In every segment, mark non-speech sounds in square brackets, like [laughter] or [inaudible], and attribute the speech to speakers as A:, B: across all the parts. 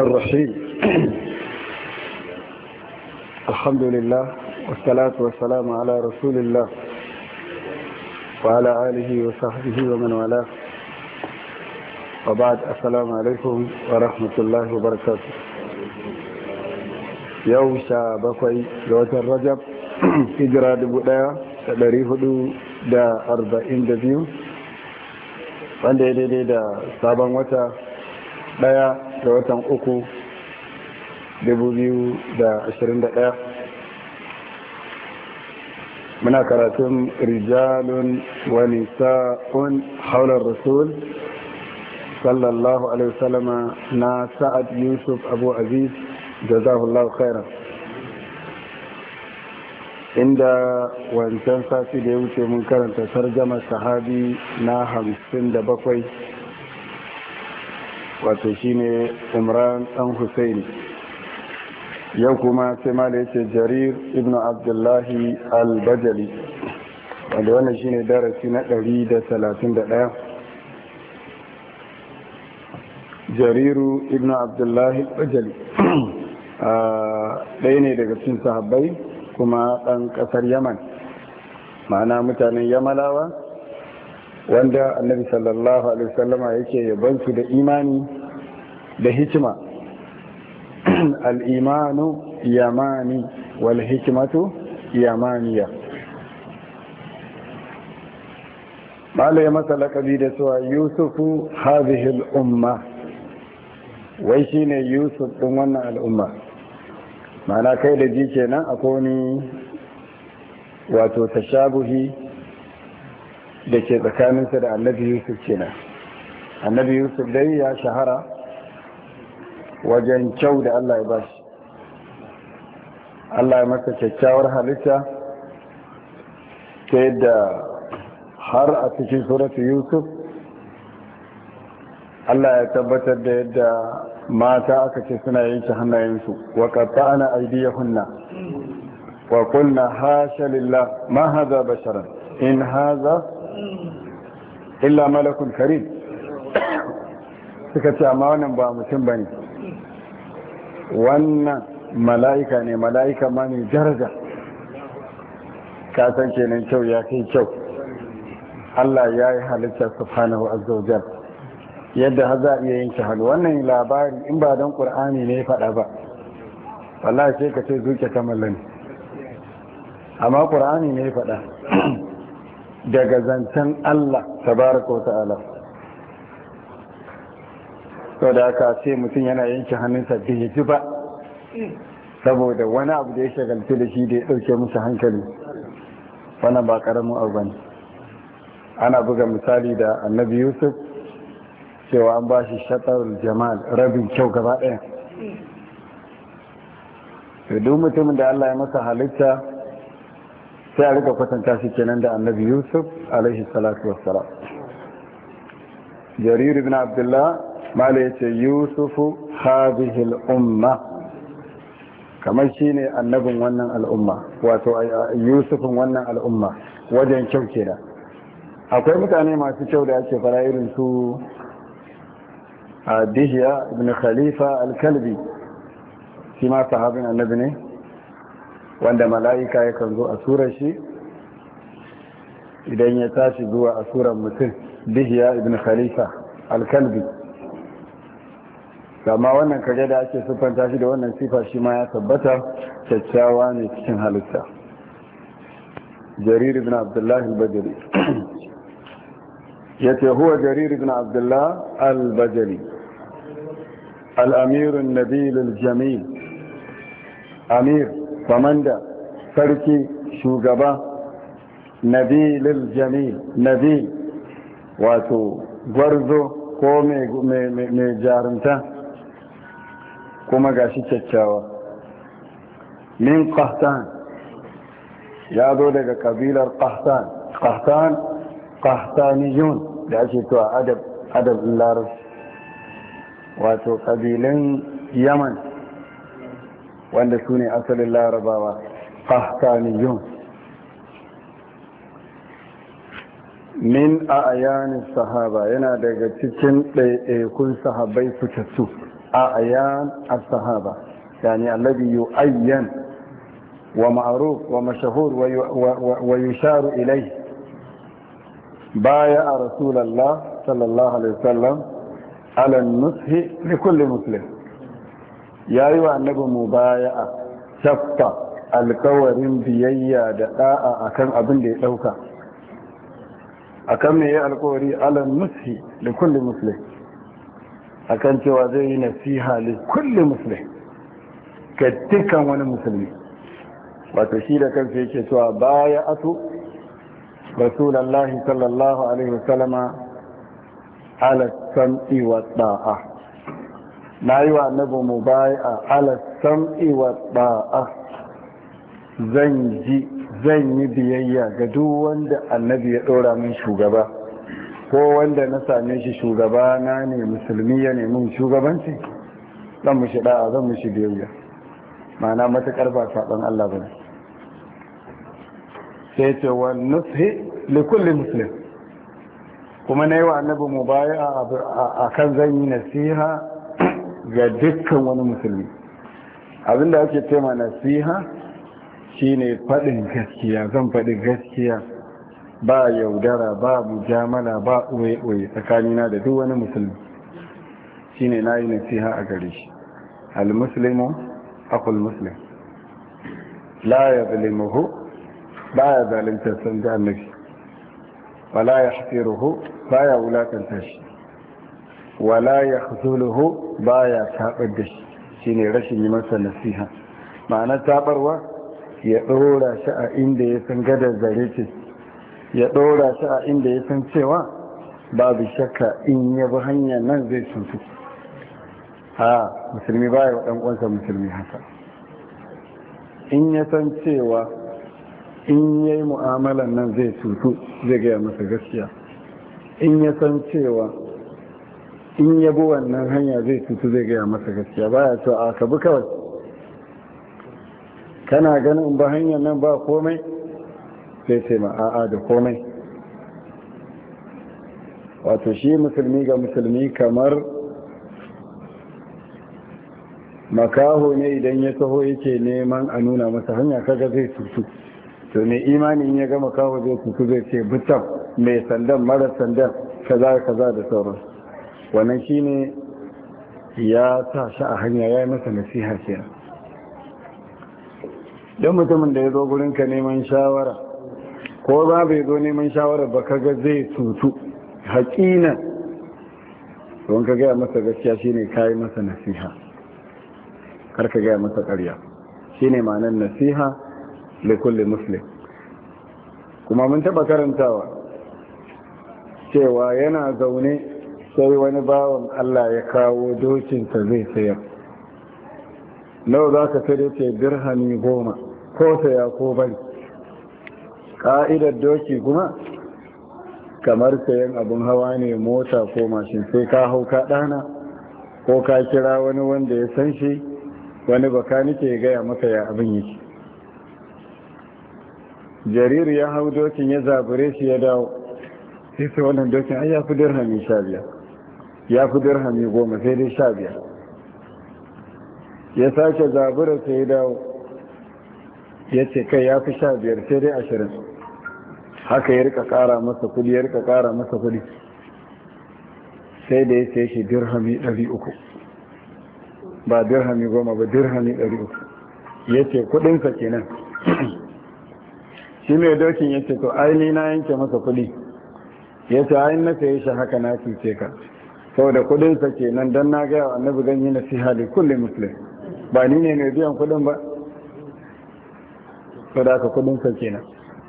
A: الرحيم الحمد لله والصلاة والسلام على رسول الله وعلى آله وصحبه ومن والاه وبعد السلام عليكم ورحمة الله وبركاته يوم شابكوي لوجه الرجب هجرة دبودا تدريه دا أربعين دبيو wanda ya daidai da sabon wata daya ga watan uku 2021 muna karatun rijalun wani sa'un haular rasul sallallahu alaihi wasallama na sa'ad yusuf abu aziz jazahullahu khairan inda wancan sati da ya wuce mun karanta sarjama sahabi na hamsin da bakwai wato shine imran dan husaini yau kuma sai ma da yake jarir ibn abdullahi al-bajali wanda wannan shine darasi na 131 jariru ibn abdullahi al-bajali [clears throat] ɗaya ne daga cikin sahabbai kuma ɗan ƙasar yaman ma'ana mutanen yamalawa wanda annabi sallallahu alaihi wasallama yake su da imani da hikima [clears throat] al'imanu yamani wal hikimatu yamaniya mala ya masa lakabi da suwa yusufu hazihil umma wai shine yusuf ɗin wannan al'umma mana kai da ji kenan akwai wani wato tashabuhi da ke tsakaninsa da annabi yusuf kenan annabi yusuf dai ya shahara wajen kyau da allah ya bashi allah ya masa kyakkyawar halitta ta yadda har a cikin suratu yusuf allah ya tabbatar da yadda mata aka ce suna yanke hannayensu wa ƙarfa ana hunna wa kulna hasha lillah ma haza basharan in haza illa malakun karim suka ce amma wannan ba mutum ba ne wannan mala'ika ne mala'ika ma ne daraja kasan kenan kyau ya kai kyau Allah ya yi halitta subhanahu azzawajal yadda har za a iya yin shahadu wannan labari in ba don ƙur'ani ne faɗa ba wallahi sai ka ce zuke kamar lani amma ƙur'ani ne faɗa daga zancen Allah tabaraka wa ta'ala sau da aka ce mutum yana yanke hannunsa bai ji ba saboda wani abu da ya shagaltu da shi da ya ɗauke musu hankali wannan ba ƙaramin abu ana buga misali da annabi yusuf cewa an ba shi jamal rabin kyau gaba ɗaya duk mutumin da Allah ya masa halitta sai a rika kwatanta shi kenan da annabi yusuf alaihi salatu wassalam jarir ibn abdullah mala yace yusufu hadhihi umma kamar shine annabin wannan al'umma wato yusufin wannan al'umma wajen kyau kenan akwai mutane masu kyau da ake fara irin su a dihiya ibn khalifa al-kalbi shi ma sahabin annabi ne wanda mala'ika yakan zo a surar shi idan ya tashi zuwa a surar mutum dihiya ibn khalifa alkalbi amma wannan kare da ake siffanta shi da wannan sifa shi ma ya tabbata kyakkyawa ne cikin halitta jarir ibn abdullahi al-bajali [clears throat] ce huwa jarir ibn abdullahi al-bajali al-amir an-nabil al-jamil amir nabil al amir kwamanda sarki shugaba nabi jamil Nabil nabi wato gwarzo ko mai jarunta kuma ga shi kyakkyawa min qahtan ya zo daga kabilar qahtan qahtan qahtaniyun da ake to adab adab wato kabilan yaman wanda su ne asalin larabawa fahtaniyun min a ayanin sahaba yana daga cikin ɗaiɗaikun sahabai fitattu a ayan sahaba yani allabi yu ayyan wa ma'aruf wa mashahur wa yusharu ilai baya a rasulallah sallallahu alaihi wasallam ala nushi li kulli ya yi wa annabi mu baya a shafta alkawarin biyayya da ɗa'a akan abin da ya ɗauka akan me ya alkawari ala nushi da kulli muslim akan cewa zai yi nasiha li kulli muslim ga dukkan wani musulmi Wata shi da kansa yake cewa baya asu rasulullahi sallallahu alaihi wasallama ala sam'i wa da'a na yi wa annabi mu baya ala sam'i wa ba'a zan ji zan yi biyayya ga duk wanda annabi ya ɗora min shugaba ko wanda na same shi shugaba na ne musulmi ya nemi shugabanci zan mu shi da'a zan mu shi biyayya ma'ana matuƙar ba saɓon Allah ba sai ce wa nushi likulli muslim kuma na yi wa annabi mu baya a kan zan yi nasiha ga dukkan wani musulmi abinda ake tema nasiha shine faɗin gaskiya zan faɗi gaskiya ba yaudara ba mujamala ba uwe-uwe tsakanina da duk wani musulmi shine na yi nasiha a gare shi al-muslimu akul muslim la ya zalimuhu ba ya zalimtar san ji annabi wala ya ruhu ba ya wulakanta shi wala ya ba ya sabar da shi shine rashin yi masa nasiha ma'ana sabarwa ya ɗora shi a inda ya san gadar zare ce ya ɗora shi a inda ya san cewa babu shakka in ya bi hanya nan zai cutu ha musulmi baya wa waɗan uwansa musulmi haka in ya san cewa in ya yi mu'amalan nan zai cutu zai gaya masa gaskiya in ya san cewa in ya bi wannan hanya zai tutu zai gaya masa gaskiya baya so a kabu kawai kana ganin ba hanyar nan ba komai sai sai ma'a'a da komai wato shi musulmi ga musulmi kamar makaho ne idan ya taho yake neman a nuna masa hanya kaga zai tutu to ne imanin ya ga makaho zai tutu zai ce butan mai sandan mara sandan kaza kaza da sauransu wannan shine ya sa shi a hanya ya yi masa nasiha kenan don mutumin da ya zo gurinka neman shawara ko ba bai zo neman shawara ba kaga zai tutu haƙina don ka gaya masa gaskiya shine ka yi masa nasiha kar ka gaya masa ƙarya shine ma'anar nasiha da kulle muslim kuma mun taɓa karantawa cewa yana zaune sai wani bawan Allah ya kawo dokinsa zai sayar nau za ka sai ce dirhami goma ko saya ko bari ka'idar doki kuma kamar sayan abin hawa ne mota ko mashin sai ka hau ka ɗana ko ka kira wani wanda ya san shi wani baka nike gaya maka ya abin yi jariru ya hau dokin ya zabure shi ya dawo sai sai wannan dokin ai ya fi dirhami sha biyar ya fi dirhami goma sai dai sha biyar ya sake zabura sai ya dawo ya ce kai ya fi sha biyar sai dai ashirin haka ya rika kara masa kudi ya rika kara masa kudi sai da ya sai shi dirhami ɗari uku ba dirhami goma ba dirhami ɗari uku ya ce kudinsa kenan shi mai dokin ya ce to aini na yanke masa kudi ya ce ainihin na sai shi haka na cuce ka saboda kudinsa nan don na gaya wa annabi ganye na fi da kulle muslim ba ni ne mai biyan kudin ba saboda sa kudinsa nan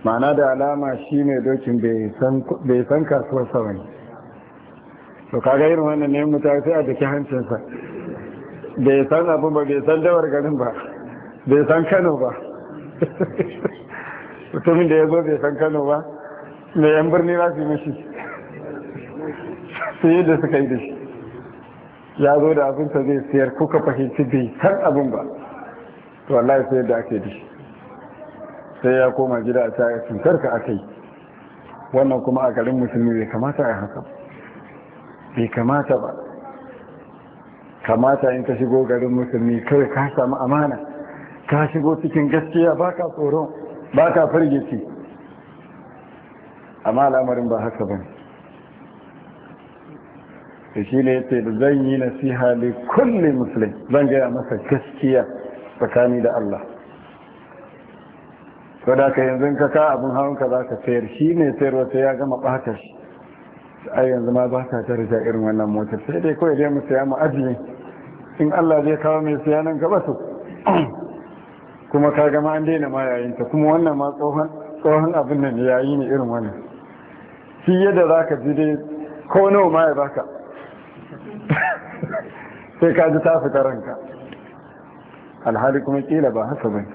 A: ma'ana da alama shi ne dokin bai san kasuwar sa bane to kaga irin wannan ne mutane sai a jiki hancinsa bai san abu ba bai san dawar garin ba bai san kano ba [laughs] mutumin da ya zo bai san kano ba mai yan birni za su yi mashi sai yadda suka yi da shi ya zo da abinsa zai siyar kuka fahimci bai san abin ba to wallahi sai yadda aka yi sai ya koma gida a ta cutar ka aka yi wannan kuma a garin musulmi bai kamata a haka bai kamata ba kamata in ka shigo garin musulmi kai ka samu amana ka shigo cikin gaskiya baka tsoron baka firgici amma al'amarin ba haka ne. da shi ne yace da zan yi nasiha li kulle musulun zan gaya masa gaskiya tsakani da Allah Ko da ka yanzu ka ka abin hawan ka zaka sayar shi ne sayarwa wata ya gama bata shi ai yanzu ma ba ta daraja irin wannan motar sai dai kawai dai mu saya mu ajiye in Allah zai kawo mai saya nan gaba su. [clears throat] kuma ka gama an daina ma yayin ta kuma wannan ma tsohon tsohon abin nan yayi ne irin wannan shi yadda zaka ji dai ko nawa ma ya baka
B: [laughs]
A: sai ka ji ta fita ranka alhali kuma kila ba haka bai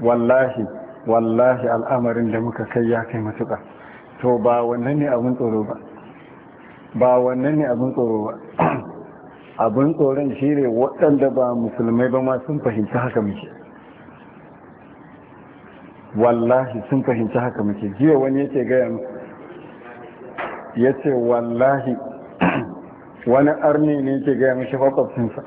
A: wallahi wallahi al'amarin da muka kai ya kai matuka. to ba wannan ne abin tsoro ba ba wannan ne abin tsoro ba [clears throat] abin tsoron shi ne waɗanda ba musulmai ba ma sun fahimci haka muke wallahi sun fahimci haka muke jiya wani yake gaya mu ya ce wallahi wani arni ne ke gaya mashi makwabcinsa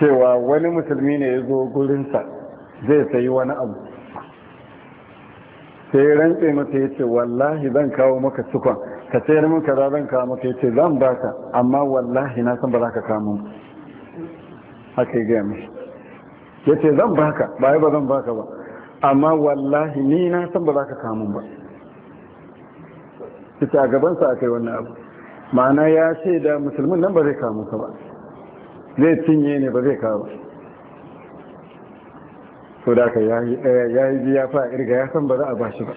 A: cewa wani musulmi ne ya zo gurinsa zai sayi wani abu sai rantse masa ya ce wallahi zan kawo maka cikon ka sayar min kaza zan kawo maka ya ce zan baka amma wallahi na san ba za ka kawo haka yi gaya mashi ya ce zan baka ba ba zan baka ba amma wallahi ni na san ba za ka kawo ba fita a gabansa a kai wannan abu ma'ana ya ce da musulmin nan ba zai kamu ka ba zai cinye ne ba zai kawo so da aka ya yi eh, ya fa irga ya san ba za a ba shi ba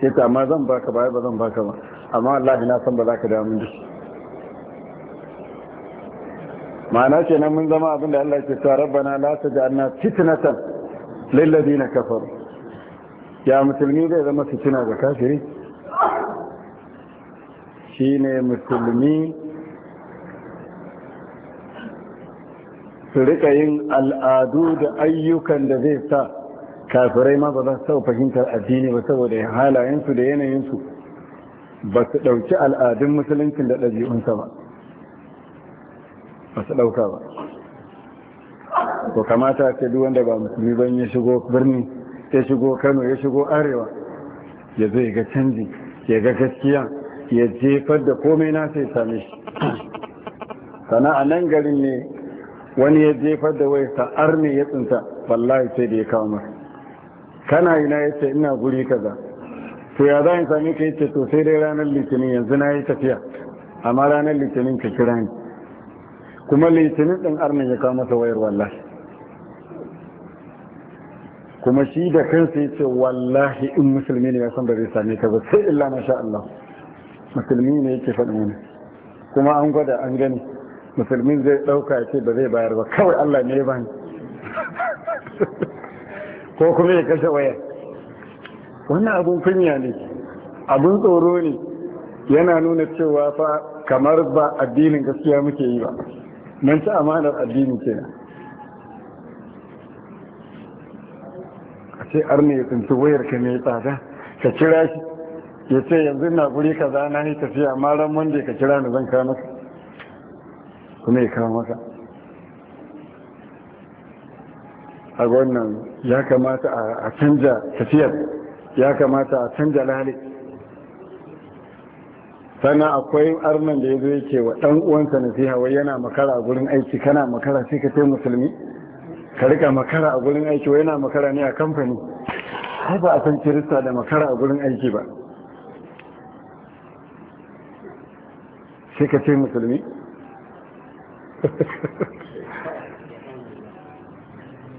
A: ya ta amma zan baka ba ba zan baka ba amma Allah na san ba za ka damu da shi ma'ana ce nan mun zama abinda Allah ke sa rabbana la taj'alna fitnatan lil ladina kafaru ya musulmi zai zama fitina ga kafiri shine musulmi su rika yin al'adu da ayyukan da zai sa kafirai ma ba za su fahimtar addini ba saboda halayensu da yanayinsu ba su ɗauki al'adun musuluncin da ɗabi'unsa ba ba su ɗauka ba ko kamata ce duk wanda ba musulmi ban ya shigo birni ya shigo kano ya shigo arewa ya zai ga canji ya ga gaskiya ya jefar da komai na sai same shi sana a nan garin ne wani ya jefar da wai sa'ar ne ya tsinta wallahi sai da ya kawo mara. kana yi na ya ce ina guri kaza to ya za a yi sami ka yi ce to sai dai ranar litinin yanzu na yi tafiya amma ranar litinin ka kira ni kuma litinin ɗin arnin ya kawo masa wayar wallahi kuma shi da kansa ya ce wallahi in musulmi ne ya san ba zai same ka ba sai illa masha Allah musulmi ne yake faɗin wani kuma an gwada an gani musulmin zai ɗauka ce ba zai bayar ba kawai allah ne ba [laughs] ko kuma ya kashe waya wannan abun kunya ne abun tsoro ne yana nuna cewa fa kamar ba addinin gaskiya muke yi ba nan ci amanar addini ke a ce arne ya tsinci wayar ka mai tsada ka kira shi ya ce yanzu na guri kaza na yi tafiya maran ran wanda ka kira ni zan kawo maka kuma ya kawo maka a wannan ya kamata a canja tafiyar ya kamata a canja lalai sannan akwai arnan da ya zo yake wa ɗan uwansa fi wai yana makara a gurin aiki kana makara sai ka ce musulmi ka rika makara a gurin aiki wai yana makara ne a kamfani har ba a san kirista da makara a gurin aiki ba shi ka ce musulmi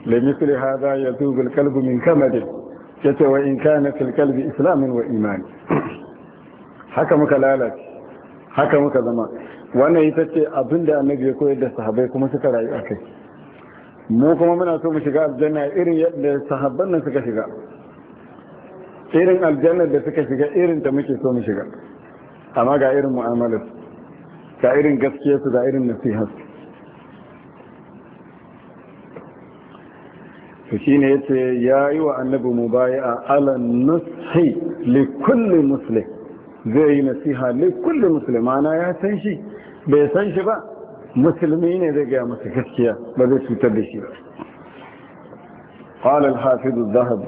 A: ya هذا يذوب min من ya ce wa in kane fil qalbi islamin wa imani haka muka lalace haka muka zama wannan ita ce abinda annabi ya koyar da sahabai kuma suka rayu a kai mu kuma muna so mu shiga aljanna irin yadda sahabban nan suka shiga irin aljannar da suka shiga irin ta muke so mu shiga amma ga irin mu'amalarsu دائرين قسكية دائرين نسيها فشين يتي يا أيوة النبو مبايع على النصح لكل مسلم زي نسيها لكل مسلم انا يا سنشي بيسنش با مسلمين إذا قام سكسكية بذي ستبشي قال الحافظ الذهبي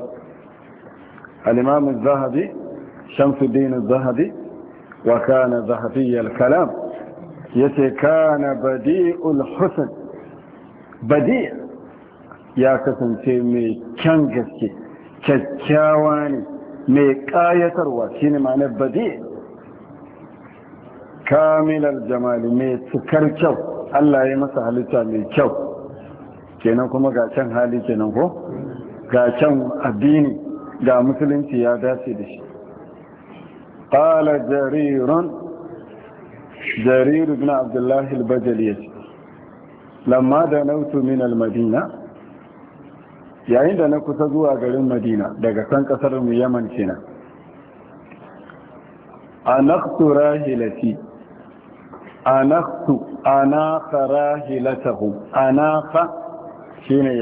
A: الإمام الذهبي شمس الدين الذهبي وكان ذهبي الكلام yace kana badi'ul husn badi' ya kasance mai kyan gaske kyakkyawa ne mai kayatarwa shine ma'anar badi' kamilar jamali mai cikar kyau Allah ya masa halitta mai kyau kenan kuma ga can hali kenan ko ga can addini ga musulunci ya dace da shi qala jarirun jarir ibn abdullah al-bajali lamma da nautu min al yayin da na kusa zuwa garin madina daga san kasar mu yaman kenan anaqtu rahilati anaqtu anaqa rahilatahu anaqa shine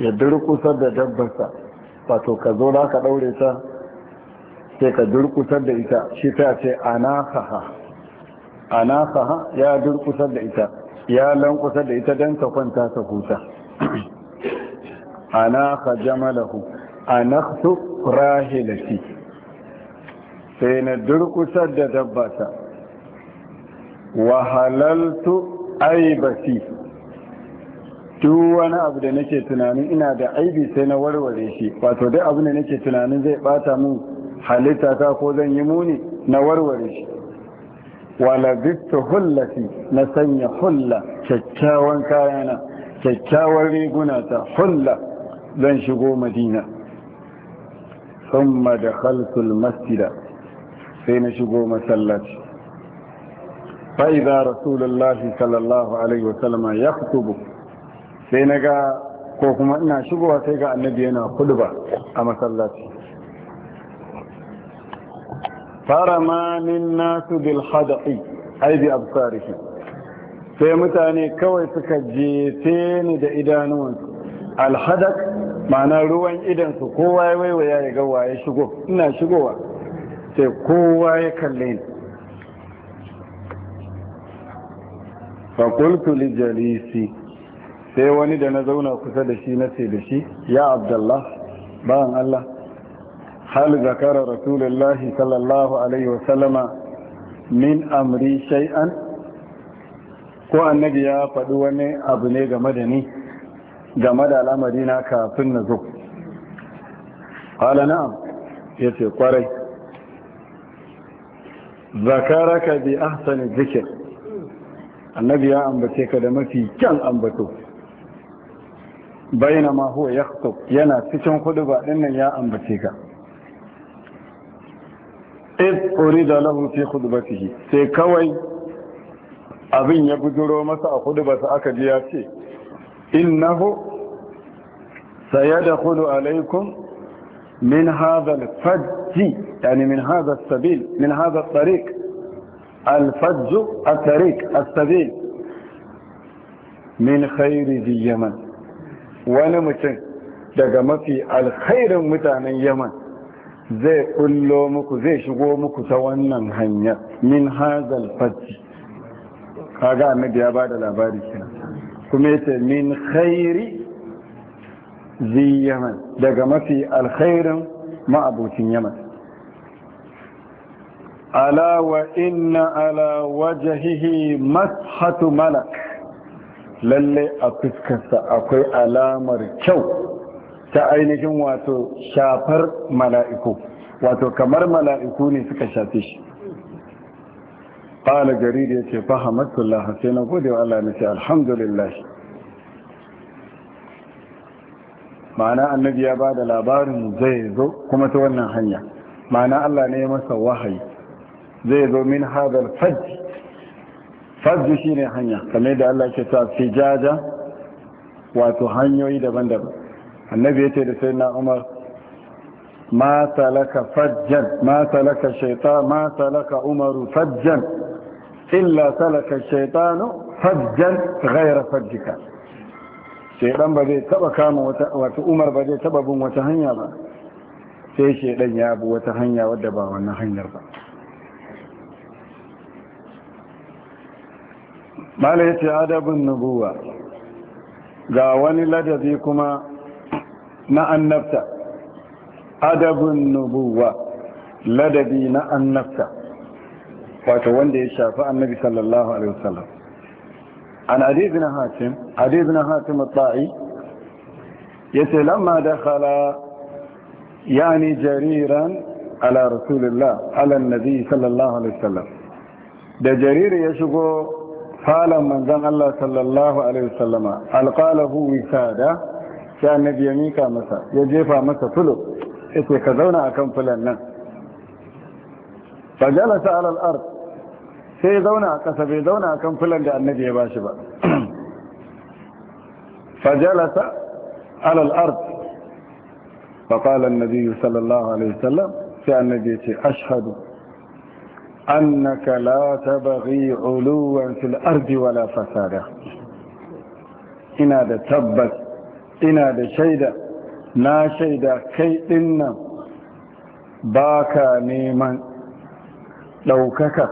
A: ya durkusar da dabbarsa wato ka zo da ka daure ta sai ka durkusar da ita shi ta ce anaqaha ha ya durkusar da ita ya lankusar da ita don ta kwanta ta huta [clears throat] anaka jamalahu anaktu rahilati sai na durkusar da dabbata wahalaltu aibati duk wani abu da nake tunanin ina da aibi sai na warware shi wato duk abu da nake tunanin zai bata min halitta ta ko zan yi muni na warware shi bitu hullati na sanya hulla kyakkyawan kayana kyakkyawar riguna ta hulla zan shigo madina ma da khalsul masjida sai na shigo masallaci fa'iza rasulullahi sallallahu alaihi wasallama ya kutubu sai na ga ko kuma ina shigowa sai ga annabi yana kudu ba a masallaci faramani nasu bil hada'i ai bi absarihi sai mutane kawai suka jefe ni da idanuwansu al hadaq ma'ana ruwan idan su kowa ya waiwaya ya ga waye shigo ina shigowa sai kowa ya kalle ni fa qultu li jalisi sai wani da na zauna kusa da shi na ce da shi ya abdullah ba'an allah هل ذكر رسول الله صلى الله عليه وسلم من أمري شيئا ko annabi ya faɗi wani abu ne game da ni game da al'amari na kafin na zo ƙwala na'am ya ce ƙwarai ka bi ahsani zikir annabi ya ambace ka da mafi kyan ambato bayyana ma huwa ya yana cikin hudu ba nan ya ambace ka إذ أريد له في خدبته سيكوي أبن يبجر ومسا خدبة أكد إنه سيدخل عليكم من هذا الفج يعني من هذا السبيل من هذا الطريق الفج الطريق السبيل من خير ذي يمن ونمتن دقمتي الخير متعنى يمن zai kullo muku zai shigo muku ta wannan hanya min hazal fati kaga annabi ya bada labari kenan kuma yace min khairi zi daga mafi alkhairin ma'abucin yaman ala wa inna ala wajhihi mashatu malak lalle a fuskarsa akwai alamar kyau ta ainihin wato shafar mala'iku wato kamar mala'iku ne suka shafi shi ƙala jariri ya ce fahimatullah sai na gode wa Allah na ce alhamdulillah ma'ana annabi ya ba da labarin zai zo kuma ta wannan hanya ma'ana Allah ne masa wahayi zai zo min hadal fajji fajji shi ne hanya kamar da Allah ke ta fi jaja wato hanyoyi daban-daban annabi ya ce da sai na umar ma salaka fajjan ma salaka shaita ma salaka umaru fajjan illa salaka shaitanu fajjan gaira fajjika shaidan ba zai taba kama wata umar ba zai taba bin wata hanya ba sai shaidan ya abu wata hanya wadda ba wannan hanyar ba mala ya ce adabin nubuwa ga wani ladabi kuma مع النفس أدب النبوة لدبي مع النفس فأتوان دي شافاء النبي صلى الله عليه وسلم عن هاشم هاتم عديدنا هاشم الطائي يسي لما دخل يعني جريرا على رسول الله على النبي صلى الله عليه وسلم ده جرير يشكو فعلا من ذن الله صلى الله عليه وسلم القاله وساده sai annabi ya mika masa ya jefa masa fulo ce ka zauna a kan fulan nan fajalasa ala al sai ya zauna a ƙasa bai zauna a kan fulan da annabi ya bashi ba [clears throat] fajalasa ala al-ard فقال النبي صلى الله عليه وسلم في النبي أشهد la لا تبغي علوا في الأرض ولا فسادا إن هذا تبت ina da shaida na shaida kai dinnan ba ka neman ɗaukaka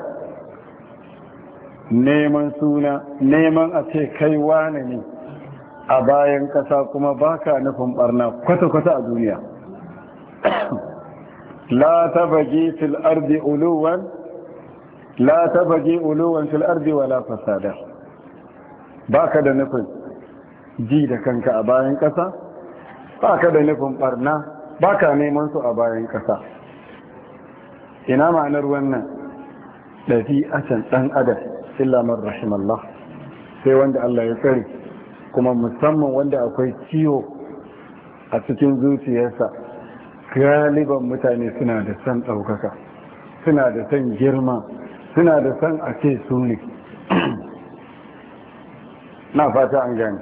A: neman suna neman a ce kai wane ne a bayan ƙasa kuma ba ka nufin ɓarna kwata-kwata a duniya [coughs] la ta bagi fil ardi uluwan la ta bagi uluwan fil ardi wala fasada ba ka da nufin ji da kanka a bayan ƙasa ba ka da nufin ɓarna ba ka neman su a bayan ƙasa ina ma'anar wannan can ɗan adam illa man sai wanda Allah ya tsare kuma musamman wanda akwai ciwo a cikin zuciyarsa galiban mutane suna da san ɗaukaka suna da san girma suna da san a ce su [clears throat] na fata an gani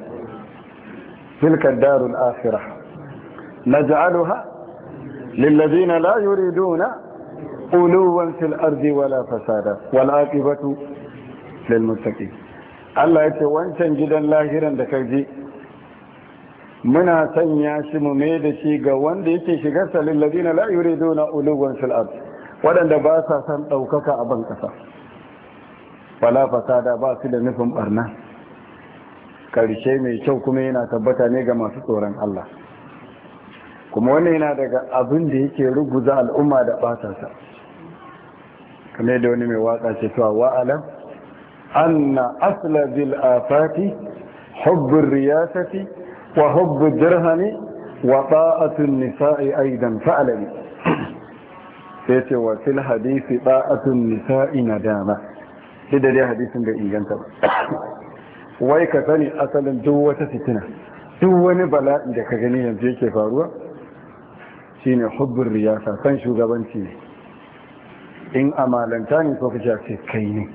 A: تلك الدار الآخرة نجعلها للذين لا يريدون علوا في الأرض ولا فسادا والعاقبة للمتقين الله يتي وانشان لاهرا دكاجي muna sanya shi mu mai da shi ga wanda yake shigarsa lillazina la yuriduna uluwan fil ard wadanda ba sa san a ban wala fasada ba su da nufin barna karshe mai kyau kuma yana tabbata ne ga masu tsoron Allah kuma wannan yana daga abin da yake ruguza al'umma da batasa sa kamar da wani mai waka ce cewa wa'alam anna asla bil afati hubbur riyasati wa hubbur jirhani wa ba'atun nisa'i aidan fa'alami [clears throat] sai ce wa fil hadisi ba'atun nisa'i na sai da dai hadisin da inganta ba [clears throat] wai ka sani asalin duk wata fitina duk wani bala'i da ka gani yanzu yake faruwa shine hubbun riyasa san shugabanci ne in amalanta ne ko kace ce kai ne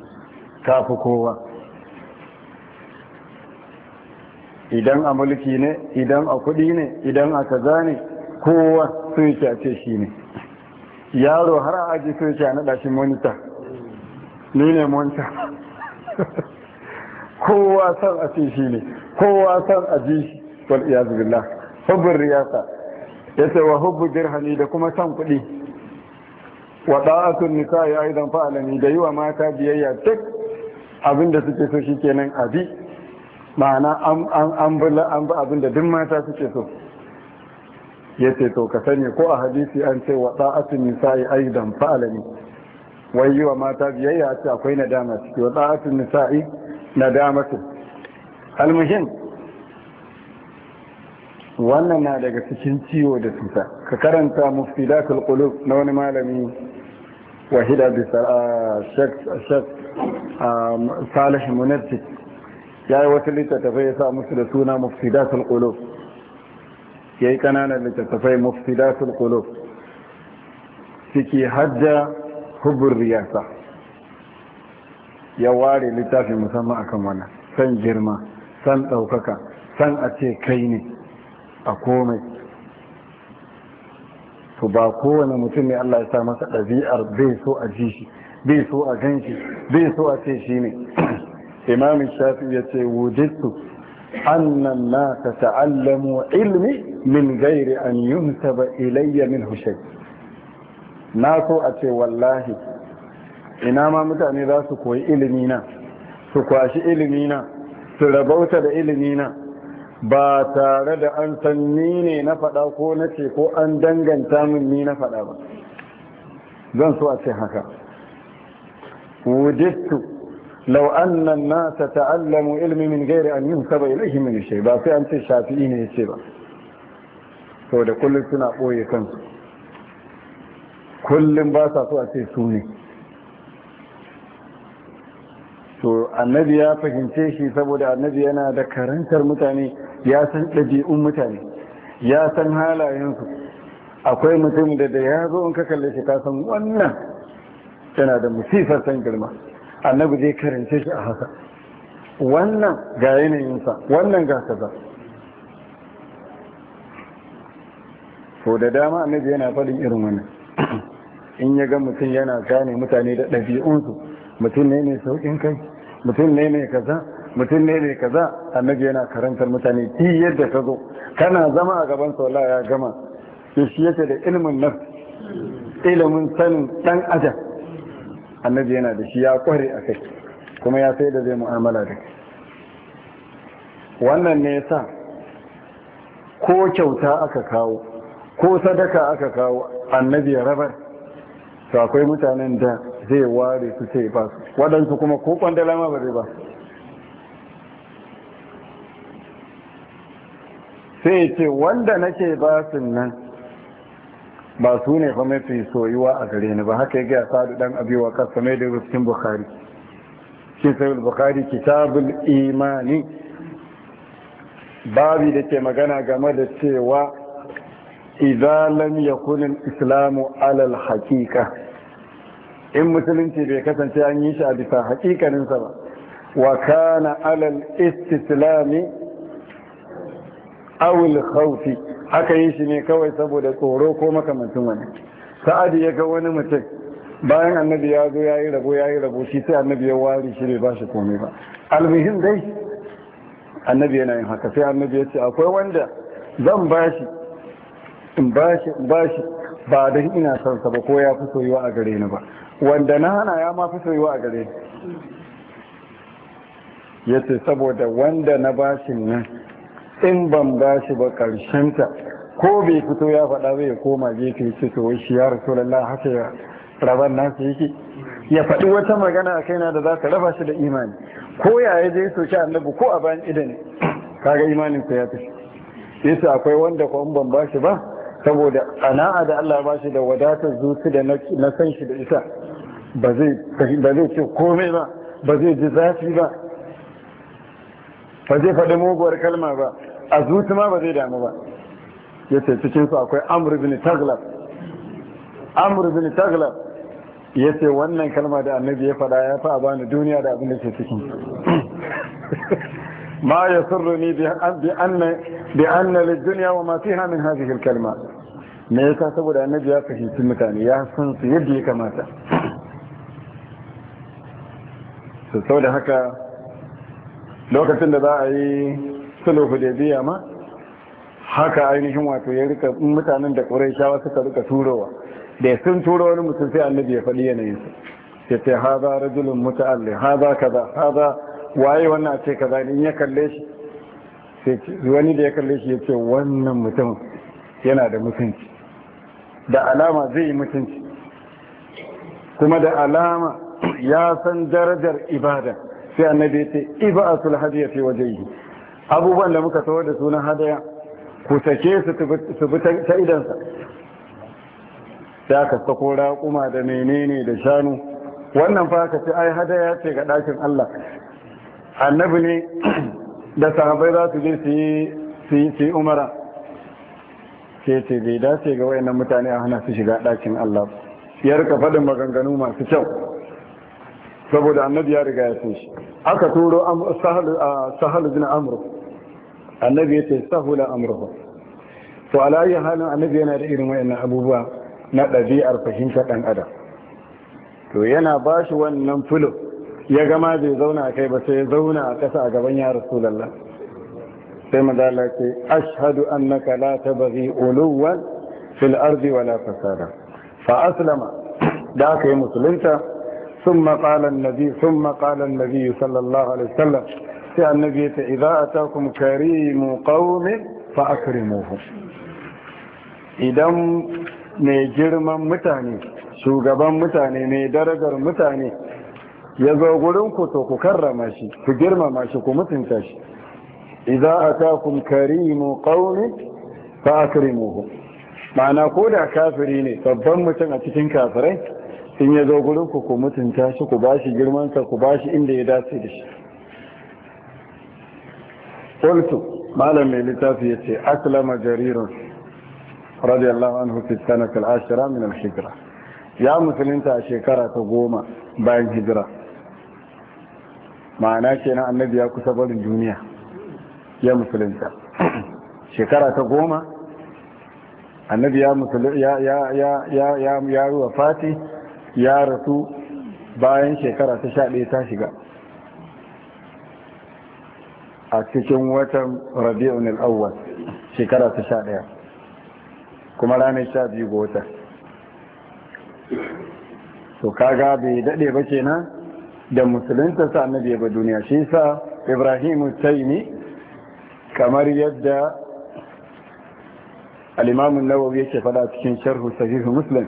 A: fi kowa idan a mulki ne idan a kudi ne idan a kaza ne kowa sun yi kyace ce shi ne yaro har a aji sun yi a naɗa shi monita ni ne monita [laughs] kowa san a ce shi ne kowa san a ji shi wal iyazu billah hubbun riyasa yace wa hubbu dirhami da kuma san kuɗi wa da'atun nisa'i aidan fa'alani da yi wa mata biyayya duk abin da suke so kenan abi ma'ana an bi abin da duk mata suke so ya ce to ka sani ko a hadisi an ce wa da'atun nisa'i aidan fa'alani wai yi wa mata biyayya ce akwai nadama ciki wa da'atun nisa'i nadamatu almuhim wannan na daga cikin ciwo da cuta ka karanta mufidatul qulub na wani malami wahida bi shek shek salih munajjid yayi wata littattafai ya sa musu da suna mufidatul qulub yayi kananan littattafai mufidatul qulub suke hajja hubur riyasa ya ware littafi musamman akan wannan san girma san ɗaukaka san a ce kai ne a komai to ba kowane mutum ne Allah ya sa masa ɗabi'ar bai so a ji shi bai so a gan shi bai so a ce shi ne [clears throat] imamin shafi ya ce wujittu annan na ta ta'allamu ilmi min gairi an yunsaba ilayya min hushai na so a ce wallahi ina ma mutane za su koyi ilimi na su kwashi ilimi na su rabauta da ilimi na ba tare da an san ni ne na faɗa ko na ce ko an danganta min ni na faɗa ba zan so a ce haka wujistu lauannan na nasa ta'allamu ilmi min gairi an yunsaba ilayhi min shay ba sai an ce shafi'i ne yace ba to da kullum suna boye kansu kullum ba sa so a ce su ne So annabi ya fahimce shi saboda annabi yana da karantar mutane ya san ɗabi'un mutane ya san halayensu akwai mutum da da ya zo in ka kalle shi ka san wannan yana da musifar san girma annabi zai karance shi a haka wannan ga yanayinsa wannan ga kaza So da dama annabi yana faɗin irin wannan in ya ga mutum yana gane mutane da ɗabi'unsu mutum ne mai sauƙin kai mutum ne mai kaza mutum ne mai kaza annabi yana karantar mutane ti yadda ka zo kana zama a gaban saula ya gama to shi yake da ilimin nan ilimin sanin dan adam annabi yana da shi ya kware a kai kuma ya sai da zai mu'amala da kai wannan ne yasa ko kyauta aka kawo ko sadaka aka kawo annabi ya rabar to akwai mutanen da zai ware su ce ba su waɗansu kuma ko kwandala ma ba zai ba sai ce wanda nake ba su nan ba su ne fa mafi soyuwa a gare ni ba haka ya gaya sadu dan abiwa kasa mai da cikin bukari shi sai bukari kitabul imani babi da ke magana game da cewa idan lam yakun islamu alal haqiqa in musulunci bai kasance an yi shi a bisa hakikaninsa ba wa kana alal istislami awul khawfi aka yi shi ne kawai saboda tsoro ko makamancin wani sa'adi ya ga wani mutum bayan annabi ya zo ya yi rabo ya yi rabo shi sai annabi ya wari shi bai ba shi komai ba almuhim dai annabi yana yin haka sai annabi ya ce akwai wanda zan bashi in bashi in bashi ba don ina son sa ba ko ya fi soyuwa a gare ni ba wanda na hana ya ma fi soyuwa a gare ni yace saboda wanda na bashin nan in ban bashi ba ta, ko bai fito ya faɗa bai koma gefe ya ce to shi ya rasulullah haka ya raban nasu yake ya faɗi wata magana a kaina da za ka raba shi da imani ko ya yi je soke annabi ko a bayan idan kaga imanin sa ya tafi yace akwai wanda ko in ban bashi ba saboda ana'a da Allah ba shi da wadatar zuci da na san shi da ita ba zai ce komai ba ba zai ji zafi ba ba zai faɗi muguwar kalma ba a zuci ma ba zai damu ba ya ce cikinsu akwai amur bin taglab amur bin taglab ya ce wannan kalma da annabi ya faɗa ya fa bani duniya da abin da ke cikin ما يسرني بأن بأن للدنيا وما فيها من هذه الكلمات me yasa saboda annabi ya fahimci mutane ya san su yadda ya kamata su da haka lokacin da za a yi sulhu da biya ma haka ainihin wato ya rika mutanen da quraishawa suka rika turowa da sun turo wani mutum sai annabi ya faɗi yanayin sa ya ce haza rajulun muta'alli haza kaza haza waye wannan a ce kaza in ya kalle shi sai wani da ya kalle shi ya ce wannan mutum yana da mutunci da alama zai yi mutunci kuma da alama ya san darajar ibada sai annabi ya ce iba a fi waje abubuwan da muka tawar da sunan hadaya ku take su bi ta idansa sa ka sako raƙuma da menene da shanu wannan fa ka ce ai hadaya ce ga ɗakin Allah annabi ne da sahabai za su je su yi umara ce ce bai dace ga wayannan mutane a hana su shiga ɗakin Allah ya rika faɗin maganganu masu kyau saboda annabi ya riga ya ce shi aka turo sahalu zina amur annabi ya ce sahula amru to alayi halin annabi yana da irin wayannan abubuwa na ɗabi'ar fahimtar ɗan adam to yana ba shi wannan fulo ya gama bai zauna a kai ba sai ya zauna a ƙasa a gaban ya rasulallah sai mazala ce ashhadu annaka la tabghi uluwan fil ardi wala fasada fa aslama da aka yi musulunta ثم قال النبي ثم قال النبي sallallahu alaihi عليه sai annabi ya ce idza kari karimu qaumin fa akrimuhum idan mai girman mutane shugaban mutane mai darajar mutane ya zo gurin ku to ku karrama shi ku girmama shi ku mutunta shi idza atakum karimu qawmi fa akrimuhu ma'ana ko da kafiri ne babban mutum a cikin kafirai in ya zo gurin ku ku mutunta shi ku bashi girman sa ku bashi inda ya dace da shi qultu malam mai littafi yace aslama jarirun radiyallahu anhu fi sanati al min al-hijra ya musulunta a shekara ta goma bayan hijira ma'ana na annabi ya kusa barin duniya ya musulunta shekara ta goma annabi ya ya ruwa fati ya rasu bayan shekara ta sha ɗaya ta shiga a cikin watan rabi'un al'awwal shekara ta sha ɗaya kuma ranar sha biyu ga wata to kaga bai daɗe ba nan da musulunta sa annabi ba duniya shi sa ibrahim taimi kamar yadda alimamin nawawi yake fada cikin sharhu sahihu muslim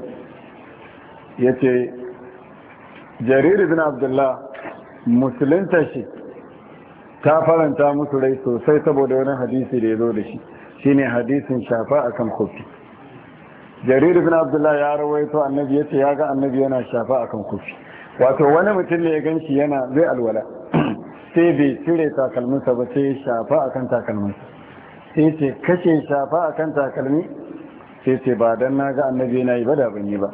A: yace jarir ibn abdullah musulunta shi ta faranta musu rai sosai saboda wani hadisi da ya zo da shi shine hadisin shafa akan kofi jarir ibn abdullah ya rawaito annabi yace ya ga annabi yana shafa akan kofi wato wani mutum ne ya gan shi yana zai alwala [clears throat] sai bai cire takalminsa ba sai shafa a kan takalminsa sai ce kashe shafa a kan takalmi sai ce ba don na ga annabi na yi ba da ban yi ba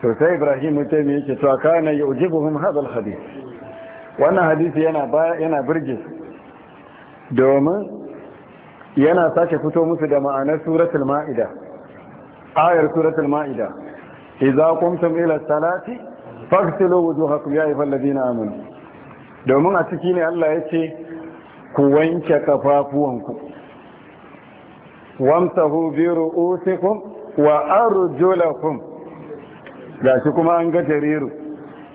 A: sosai ibrahim mutum ce to aka na yi ujibuhum hadal hadis wannan hadisi yana baya yana birge domin yana sake fito musu da ma'anar suratul ma'ida ayar suratul ma'ida idza qumtum ila salati faghsilu wujuhakum ya ayyuhal ladina amanu domin a ciki ne Allah ya ce ku wanke kafafuwanku wamsahu bi ru'usikum wa arjulakum gashi kuma an ga jariru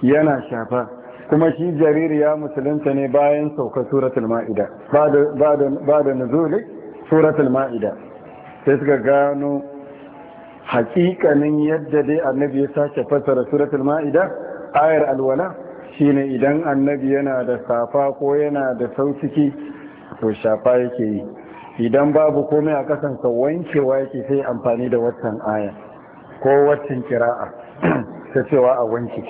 A: yana shafa kuma shi jariri ya musulunta ne bayan sauka suratul ma'ida ba da nuzuli suratul ma'ida sai suka gano hakikanin yadda dai annabi ya sake fassara suratul ma'ida ayar alwala shine idan annabi yana da safa ko yana da sautiki to shafa yake yi idan babu komai a kasansa wankewa yake sai amfani da watan aya ko watan kira'a [clears throat] ta cewa a wanke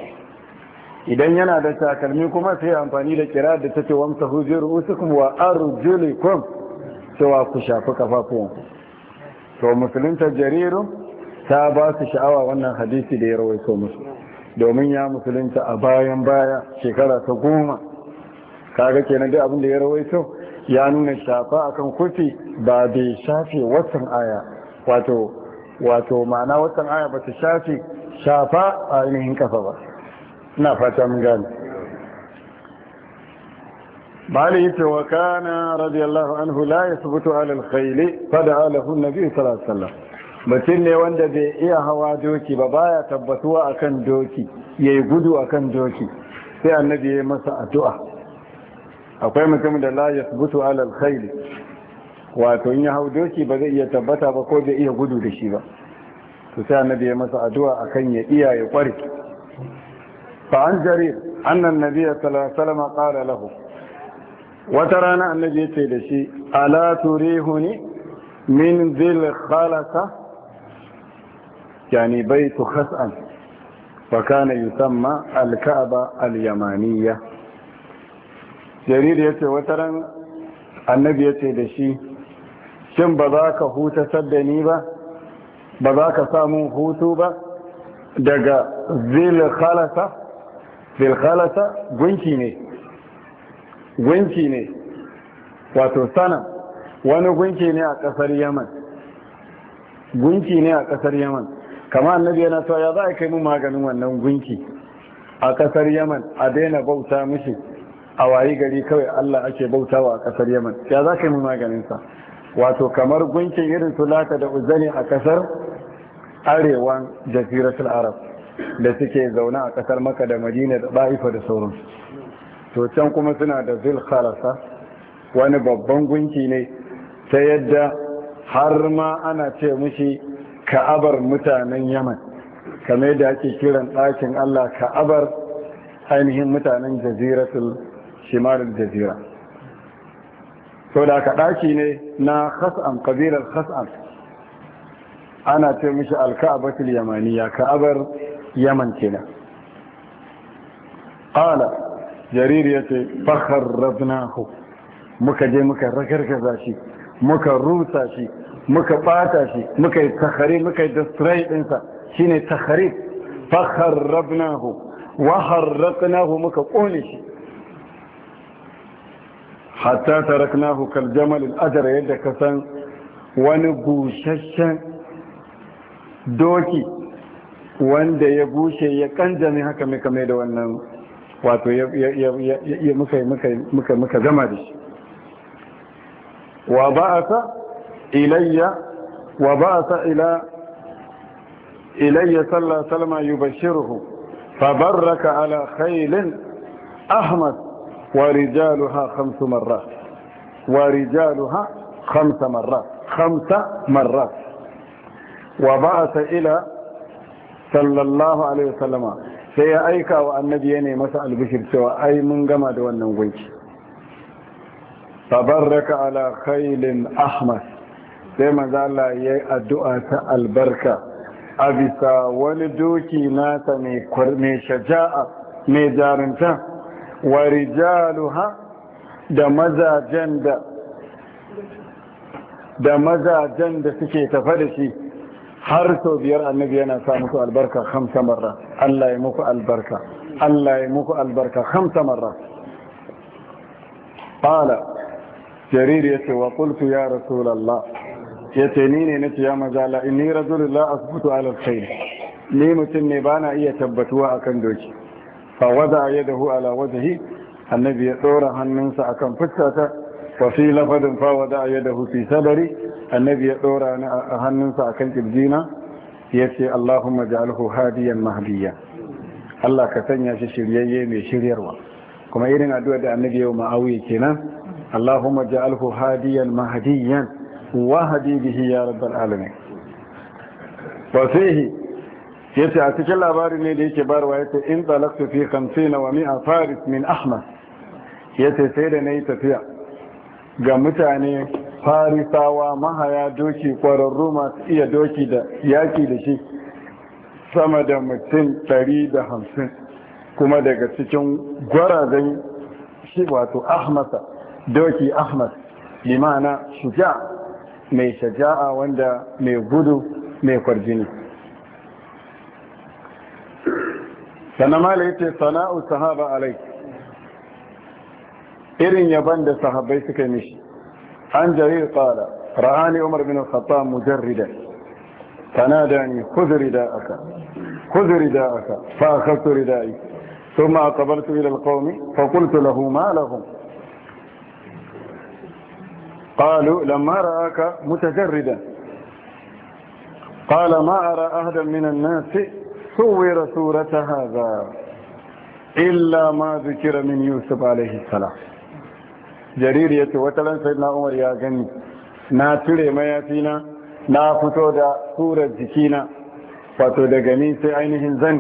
A: idan yana da takalmi kuma sai amfani da kira'a da ta ce wamsa hujjar usukum wa arjulikum cewa ku shafi kafafuwanku to musulunta Jariru. ta ba su sha'awa wannan hadisi da ya rawaito musu domin ya musulunta a bayan baya shekara ta goma kaga kenan duk abin da ya rawaito ya nuna shafa akan kufi ba bai shafe watan aya wato wato ma'ana watan aya ba ta shafe shafa a ainihin kafa ba ina fata mun gane malin yake wa kana radiyallahu anhu la yasbutu ala alkhayli fada alahu an-nabi sallallahu alaihi wasallam mutum ne wanda bai iya hawa doki ba baya tabbatuwa akan doki yayi gudu akan doki sai annabi ya masa addu'a akwai mutum da la yasbutu ala alkhayl wato in ya hau doki ba zai iya tabbata ba ko bai iya gudu da shi ba to sai annabi ya masa addu'a akan ya iya ya kware fa an jarir annan nabi sallallahu alaihi wasallam qala lahu wata rana annabi ya ce da shi ala turihuni min dhil khalasa يعني بيت خسأ فكان يسمى الكعبة اليمانية جرير annabi وترن النبي يتي دشي shin ba za ka huta saddani ba ba za ka samu hutu ba daga zilkhalasa zilkhalasa gunki ne gunki ne wato sana wani gunki ne a ƙasar yaman gunki ne a kasar yaman kama annabi yana cewa ya za a kai mu maganin wannan gunki a kasar yaman a daina bauta mishi a wayi gari kawai allah ake bautawa a kasar yaman ya za kai mu maganinsa wato kamar gunkin irin sulaka da uzani a kasar arewan jaziratul arab da suke zaune a kasar maka da madina da ba'ifa da sauran to can kuma suna da zil khalasa wani babban gunki ne ta yadda har ma ana ce mushi ka'abar mutanen yaman kamar da ake kiran ɗakin allah ka'abar ainihin mutanen jaziratul shimarin jazira sau da aka ɗaki ne na khas'am ƙabilar khas'am ana ce mishi alka'abatul yamaniya ka'abar yaman kenan ƙala jarir ya ce fakar rabnahu muka je muka ragargaza shi muka rusa shi muka bata shi muka yi takhari muka yi destroy ɗinsa shi ne takhari fakharrabnahu wa harraqnahu muka ƙone shi hatta taraknahu kal jamal al yadda ka san wani gushashen doki wanda ya gushe ya kanjame haka mai kame da wannan wato ya muka muka muka muka gama da shi wa ba'asa إلي وبعث إلى إلي صلى الله عليه وسلم يبشره فبرك على خيل أحمد ورجالها خمس مرات ورجالها خمس مرات خمس مرات وبعث إلى صلى الله عليه وسلم sai أيكا والنبي wa annabi البشر سوى أي من ai mun فبرك على خيل أحمد sai mazala ya yi addu'a ta albarka a bisa wani doki nasa mai shaja'a mai jarinta wa rijaluha da mazajen da da mazajen da suke tafa da shi har sau biyar annabi yana sa muku albarka hamsa marra Allah ya muku albarka Allah ya muku albarka hamsa marra jariri ya ce wa qultu ya rasulullah ya ce ni ne na ce ya mazala ni rajulun la asbutu ala alkhair ni mutum ne ba na iya tabbatuwa akan doki fa a wada yadahu ala wajhi annabi ya dora hannunsa akan fuskata wa fi lafadin fa a wada hu fi sadari annabi ya dora ni a hannunsa akan kirjina ya ce Allahumma ja'alhu hadiyan mahdiya Allah ka sanya shi shiryayye mai shiryarwa kuma irin addu'a da annabi yau ma'awiya kenan Allahumma ja'alhu hadiyan mahdiyan wahadi bihi ya rabbal alamin fa fihi yace a cikin labarin ne da yake barwa yace in talaqtu fi 50 wa 100 faris min ahmad yace sai da nayi tafiya ga mutane farisawa mahaya doki kwararru masu iya doki da yaki da shi sama da mutum hamsin kuma daga cikin gwarazan shi wato ahmasa doki ahmad limana shuja mai shaja'a wanda mai gudu mai kwarjini sannan mala yace sana'u sahaba alai irin yaban da sahabbai suka mishi an jarir tsada, ra'ani umar bin al-khattab mujarrida da aka rida'aka da aka fa akhadtu rida'i thumma aqbaltu ila al-qawmi fa qultu lahu ma lahum قالوا لما رأك متجردا قال ما أرى أهدا من الناس صور سورة هذا إلا ما ذكر من يوسف عليه السلام jarir ya ce wata sai na umar ya gani na cire mayafina na fito da surar jikina wato daga ni sai ainihin zan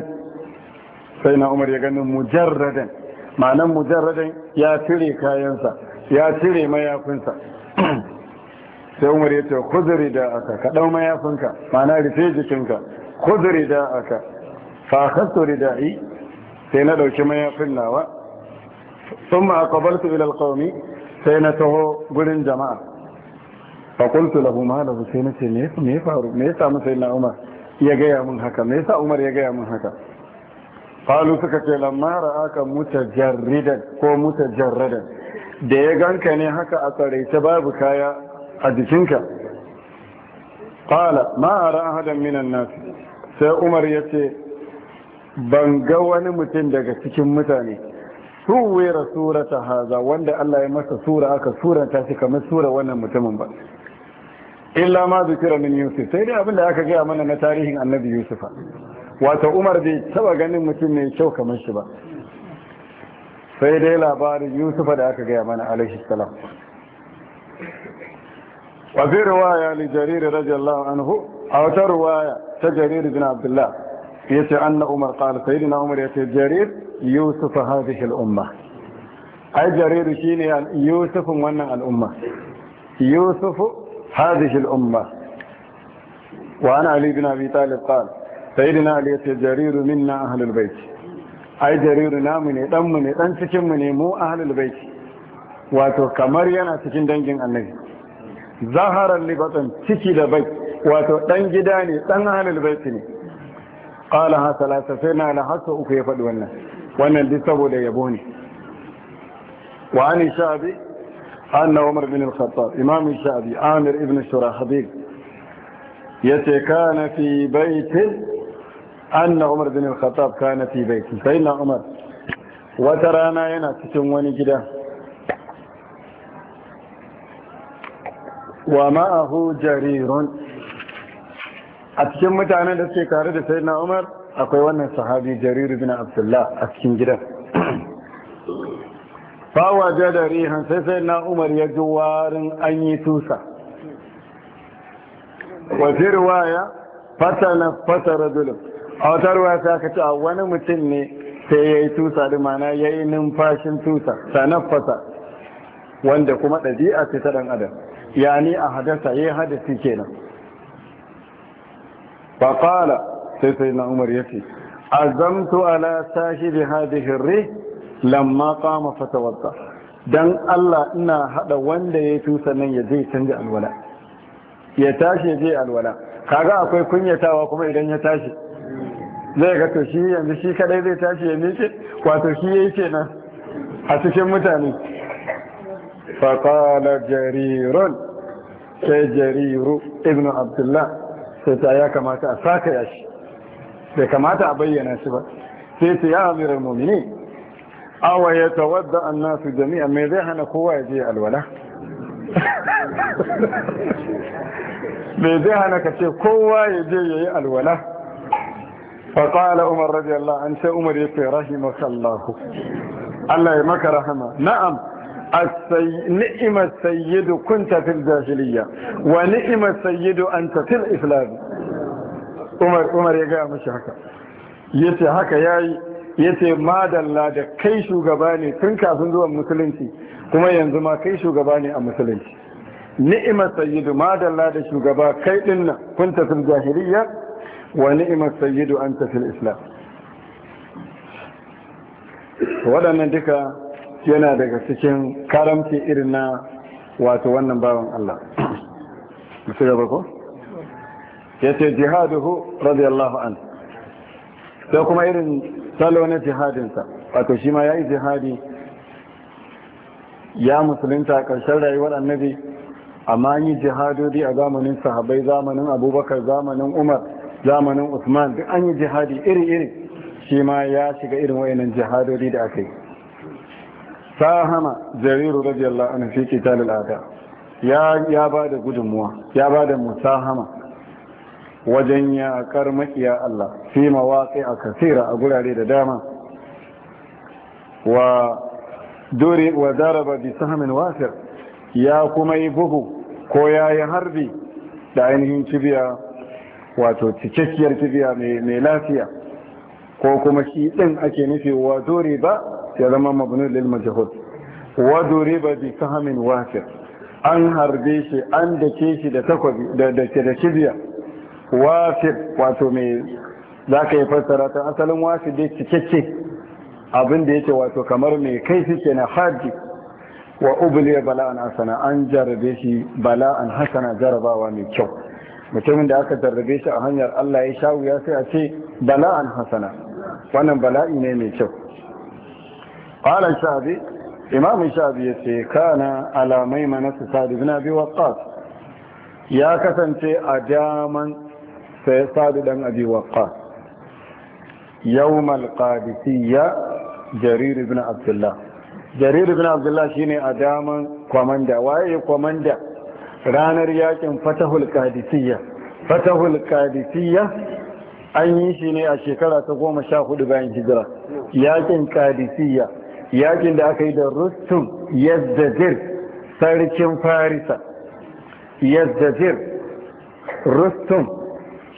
A: sai na umar ya gani mujarradan ma'anan mujarradan ya cire kayansa ya cire mayafinsa [clears throat] sai umar ya ce kuzuri da aka ka ɗau mayafinka mana rufe jikinka kuzuri da aka da rida'i sai na ɗauki mayafin nawa sun ma su ilal qaumi sai na taho gurin jama'a fakultu lahu ma lahu sai na ce me ya faru me ya samu sai na umar ya gaya mun haka me yasa umar ya gaya mun haka falu suka ce lamma ra'aka mutajarridan ko mutajarradan da ya ganka ne haka a tsaraita babu kaya a jikinka ƙala ran ahadan minan nasu sai umar ya ce ban ga wani mutum daga cikin mutane suwera surata haza wanda Allah ya masa sura aka suranta shi kamar sura wannan mutumin ba illa ma zikira min yusuf sai dai abinda aka gaya mana na tarihin annabi yusufa Wata umar bai taba ganin mutum mai kyau kamar shi ba sai dai labarin yusufa da aka gaya mana alaihi salam wa fi riwaya li jarir radiyallahu anhu a wata riwaya ta jarir bin abdullah yace anna umar qala sayyidina umar yace jarir yusuf hadhihi al umma ai jarir shine yusuf wannan al umma yusuf hadhihi al umma wa ana ali bin abi talib qala sayyidina ali yace jarir minna ahlul bait ai jariru namu ne mu ne ɗan cikinmu ne mu ahlul baiti wato kamar yana cikin dangin annabi zaharar libatan ciki da bai wato ɗan gida ne ɗan ahlul baiti ne qala ha salasa sai na da hasu uku ya faɗi wannan wannan duk saboda yabo ne wa an sha'abi anna umar bin al-khattab imam shabi amir ibn shurahabil yace kana fi baitin anna umar bin al-khattab kana fi baiti sai na umar wata rana yana cikin wani gida wa ma'ahu jarirun a cikin mutanen da suke tare da sai na umar akwai wannan sahabi jarir bin abdullah a cikin gidan fawa da rihan sai sai na umar ya ji warin an yi tusa wafirwaya fata na fata radulun a wata ruwa ta aka ce a wani mutum ne sai ya yi tusa da mana ya yi numfashin tusa ta nafasa wanda kuma ɗabi'a ce ta ɗan adam ya ni a hadasa ya yi hadasi Ba faƙala sai sai na umar ya ce azamtu ala da hadi hirri lamma kama fatawarsa don allah ina haɗa wanda ya yi tusa nan ya je canza alwala ya tashi ya je alwala kaga akwai kunyatawa kuma idan ya tashi zai ga to shi yanzu shi kadai zai tashi ya miƙe wato shi ya yayi kenan a cikin mutane faƙala jariron sai jariru ibnu abdullah sai ta ya kamata a saka ya shi bai kamata a bayyana shi ba sai ta ya amiral mummini awa ya tawadda annasu jami'a mai zai hana kowa ya je alwala
B: [laughs]
A: mai zai hana ka ce kowa ya je ya yi alwala فقال عمر رضي الله عنه عمر يقول رحمك الله الله يمك رحمه نعم السي... نعم السيد كنت في الجاهلية ونعم السيد أنت في الإسلام عمر عمر يقول مش هكا yace haka yayi yace madalla da kai shugaba ne tun kafin zuwan musulunci kuma yanzu ma kai shugaba ne a musulunci ni'imar sayyidu madalla da shugaba kai din kun tafi jahiliya wa ni'imar sayyidu an tafi islam waɗannan duka yana daga cikin karamci irin na wato wannan bawan Allah musu gaba ko? ya ce jihaduhu radiyallahu an sai kuma irin salo na jihadinsa wato shi ma ya yi jihadi ya musulunta a ƙarshen rayuwar annabi amma yi jihadodi a zamanin sahabai zamanin abubakar zamanin umar zamanin usman duk an yi jihadi iri-iri shi ma ya shiga irin wayannan jihadori da aka yi sahama jariru radiyallahu anhu fi qital al-ada ya ya bada gudunmuwa ya bada musahama wajen kar makiya Allah fi mawaƙi a kasira a gurare da dama wa duri wa daraba bi sahamin wasir ya kuma yi buhu ko ya yi harbi da ainihin cibiya wato cikakkiyar kibiya mai lafiya ko kuma shi din ake nufi wa ba ya zama mabnu lil majhud wa duriba bi sahmin wafir an harbe shi an dake shi da takwabi da da kibiya wafir wato mai ka yi fassara ta asalin wafir dai cikakke abin da yake wato kamar mai kai shi na haji wa ubliya bala'an hasana an jarabe shi bala'an hasana jarabawa mai kyau mutumin da aka zarrabe shi a hanyar Allah ya sha wuya sai a ce bala'an hasana wannan bala'i ne mai kyau qala shabi imam shabi yace kana alamai maimana sa'd ibn abi waqqas ya kasance a daman sai sa'd dan abi Yau yawm ya Jariri jarir abdullah jarir ibn abdullah shine a daman kwamanda waye kwamanda? ranar yakin fatahul kadisiyya fatahul kadisiyya an yi shi ne a shekara ta goma sha hudu bayan hijira yakin kadisiyya yakin da aka yi da rustum yazdajir sarkin farisa yazdajir rustum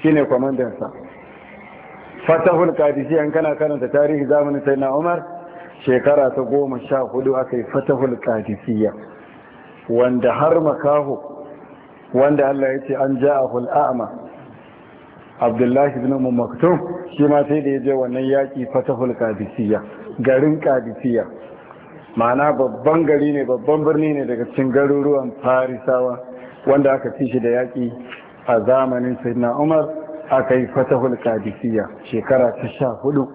A: shine kwamandansa fatahul kadisiyya in kana karanta tarihi zamanin sai na umar shekara ta goma sha hudu aka yi fatahul kadisiyya wanda har makaho wanda Allah ya ce an ja'ahul a'ma Abdullahi ibn Umm Maktum shi ma sai da ya je wannan yaki fatahul Qadisiyya garin Qadisiyya ma'ana babban gari ne babban birni ne daga cikin garuruwan Farisawa wanda aka ci shi da yaki a zamanin Sayyidina Umar aka yi fatahul Qadisiyya shekara ta 14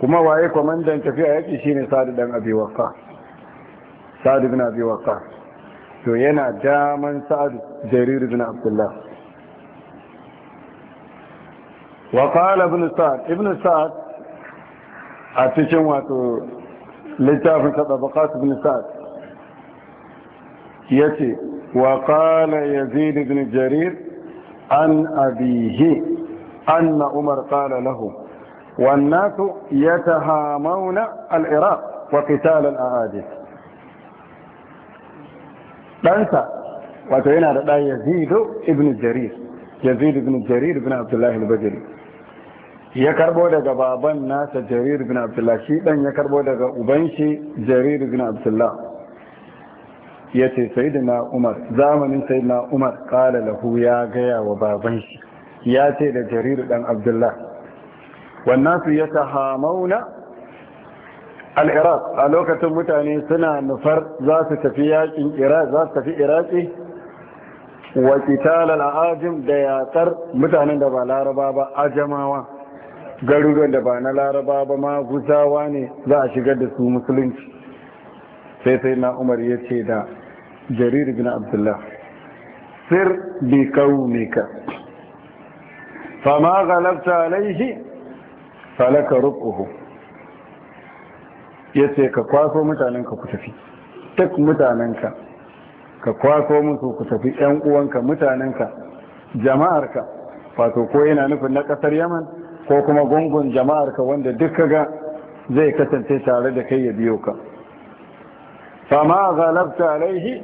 A: kuma waye kwamandan tafiya yaki shine Sa'd dan Abi Waqqas Sa'd ibn Abi Waqqas to yana daman sa'ad jarir ibn abdullah wa qala ibn sa'ad ibn sa'ad a cikin wato littafin tabaqat ibn sa'ad yace wa qala yazid ibn jarir an abihi anna umar qala lahu والناس wa العراق وقتال الأعادث ɗansa wato yana da ɗan yazidu ibn jarir yazidu ibn jarir ibn abdullahi al-bajari ya karbo daga baban nasa jarir ibn abdullahi shi ɗan ya karbo daga uban shi jarir ibn abdullahi ya ce sayidina umar zamanin sayidina umar kala lahu ya gaya wa baban shi ya ce da jarir ɗan abdullahi wannan su ya ta hamauna al-iraq a lokacin mutane suna nufar za su tafi yakin iraq za su tafi iraki wa qital al da yaƙar mutanen da ba laraba ba ajamawa garuruwan da ba na laraba ba ma gusawa ne za a shigar da su musulunci sai sai na umar ya ce da jarir bin abdullah sir bi kaunika fama galabta alaihi falaka rubuhu ya ce ka kwaso mutanen ka ku tafi duk mutanen ka ka kwaso musu ku tafi yan uwanka mutanen ka jama'ar ka wato ko yana nufin na kasar yaman ko kuma gungun jama'ar ka wanda duk ga zai kasance tare da kai ya biyo ka fama galabta alaihi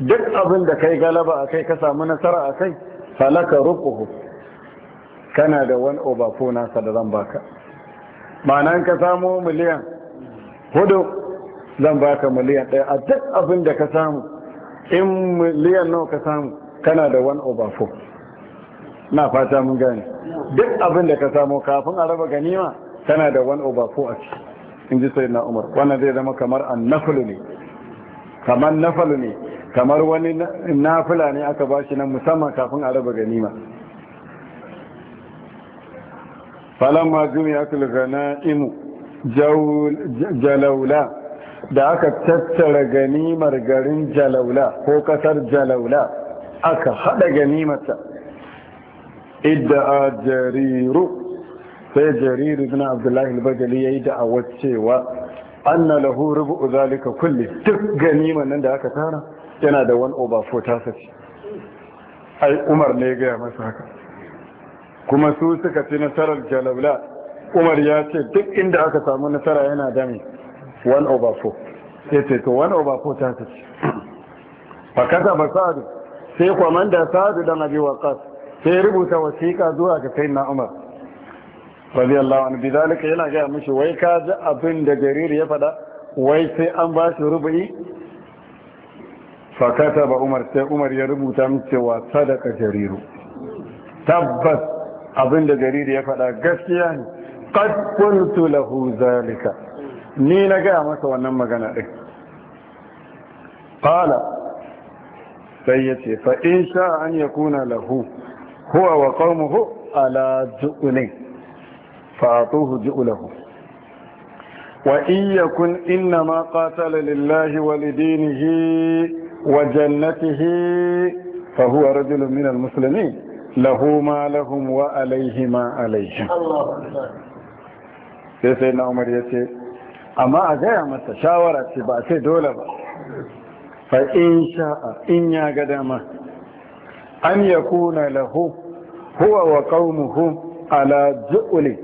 A: duk abin da kai galaba a kai ka samu nasara a kai falaka rukuhu kana da wani obafo nasa da zan baka ma'anan ka samo miliyan hudu zan baka miliyan ɗaya a duk abin da ka samu in miliyan nawa ka samu kana da one over four na fata mun gani duk abin da ka samu kafin a raba ganima kana da one over four a ciki in ji sai na umar wannan zai zama kamar annafulu ne kamar nafalu ne kamar wani nafila ne aka ba shi nan musamman kafin a raba ganima falon majumi ya kulgana imu jalaula da aka tattara ganimar garin jalaula ko kasar jalaula aka hada ganimata idda a jariru sai jariru zina abdullahi al ya yayi da'awar cewa anna lahu rubu uzalika kulle duk ganimar nan da aka tara yana da wani ko tasa ce
B: ai umar ne ya
A: gaya masa haka kuma su suka fi nasarar jalaula umar ya ce duk inda aka samu nasara yana dami 1 over 4 sai ce to 1 over 4 ta ta ce kasa ba sa'adu sai da sa'adu dan abi waƙas. sai rubuta wasiƙa zuwa ga na umar allawa anhu bizalika yana gaya mishi wai ka ji abin da jariri ya faɗa wai sai an ba shi rubu'i fakata ba umar sai umar ya rubuta mace cewa sadaka jariru tabbas abin da jariri ya faɗa gaskiya ne qad qultu lahu zalika ni na gaya masa wannan magana din qala sai yace fa in sha an yakuna lahu huwa wa qaumuhu ala ju'lin fa atuhu ju'lahu wa in yakun inna ma qatala lillahi wa lidinihi wa jannatihi fa huwa rajulun min al-muslimin lahu ma lahum wa alayhi ma alayhim sai sai na umar ya ce amma a gaya masa shawara ce ba sai dole ba fa in sha'a in ya ga dama an ya kuna lahu huwa wa qaumuhu ala ju'li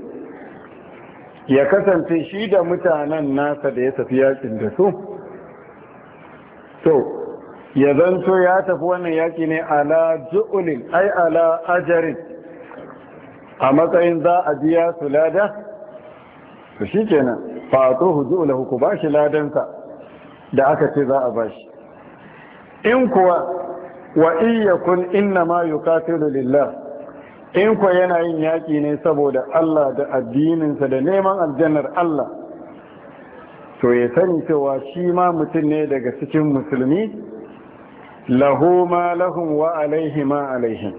A: ya kasance shi da mutanen nasa da ya tafi yakin da su to ya zanto ya tafi wannan yaki ne ala ju'lin ai ala ajarin a matsayin za a biya su lada to shi kenan fato lahu ku bashi ladansa da aka ce za a bashi in kuwa wa iyakun inna ma yuqatilu lillah in kuwa yana yin yaƙi ne saboda Allah da addininsa da neman aljannar Allah to ya sani cewa shi ma mutum ne daga cikin musulmi lahu ma lahum wa alaihi ma alaihim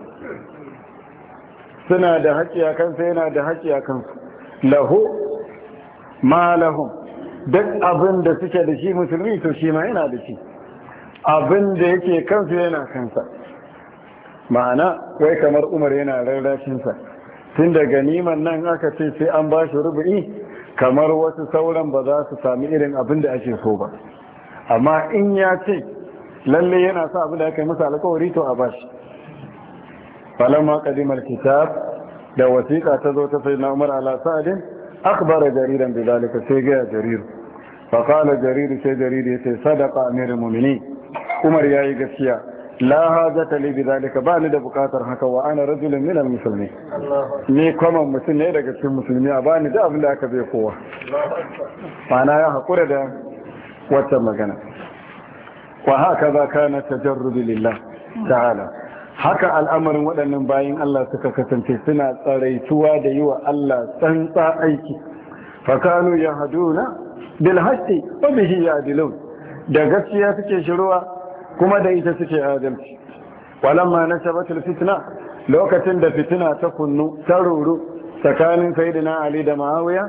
A: suna da haƙi a kansa yana da haƙi a lahu malahu duk abin da suke da shi musulmi to shi ma yana da shi abin da yake kansu yana kansa ma'ana wai kamar umar yana rarrashinsa tun da ganiman nan aka ce sai an ba shi rubu'i kamar wasu sauran ba za su sami irin abin da ake so ba amma in ya ce lalle yana sa abin da aka yi masa alkawari to a bashi falamma kadimar kitab da wasiƙa ta zo ta sai na umar ala sa'adin akbara jariran da zalika sai gaya jariru faƙala jariru sai jariru ya ce sadaka amirin mummini umar ya yi gaskiya la haza talibi zalika ba ni da buƙatar haka wa ana rajulun al musulmi ni kwaman mutum ne daga cikin musulmi a ba ni da abin da aka zai kowa ma'ana ya haƙura da wata magana wa haka za ka na tajarrubi lillah ta'ala haka al'amarin waɗannan bayan Allah suka kasance suna tsaraituwa da yi wa Allah tsantsa aiki fakanu ya haduna bil haqqi wa bihi da gaskiya suke shiruwa kuma da ita suke adalci walamma nasabatul fitna lokacin da fitina ta kunnu ta ruru tsakanin saidina Ali da Muawiya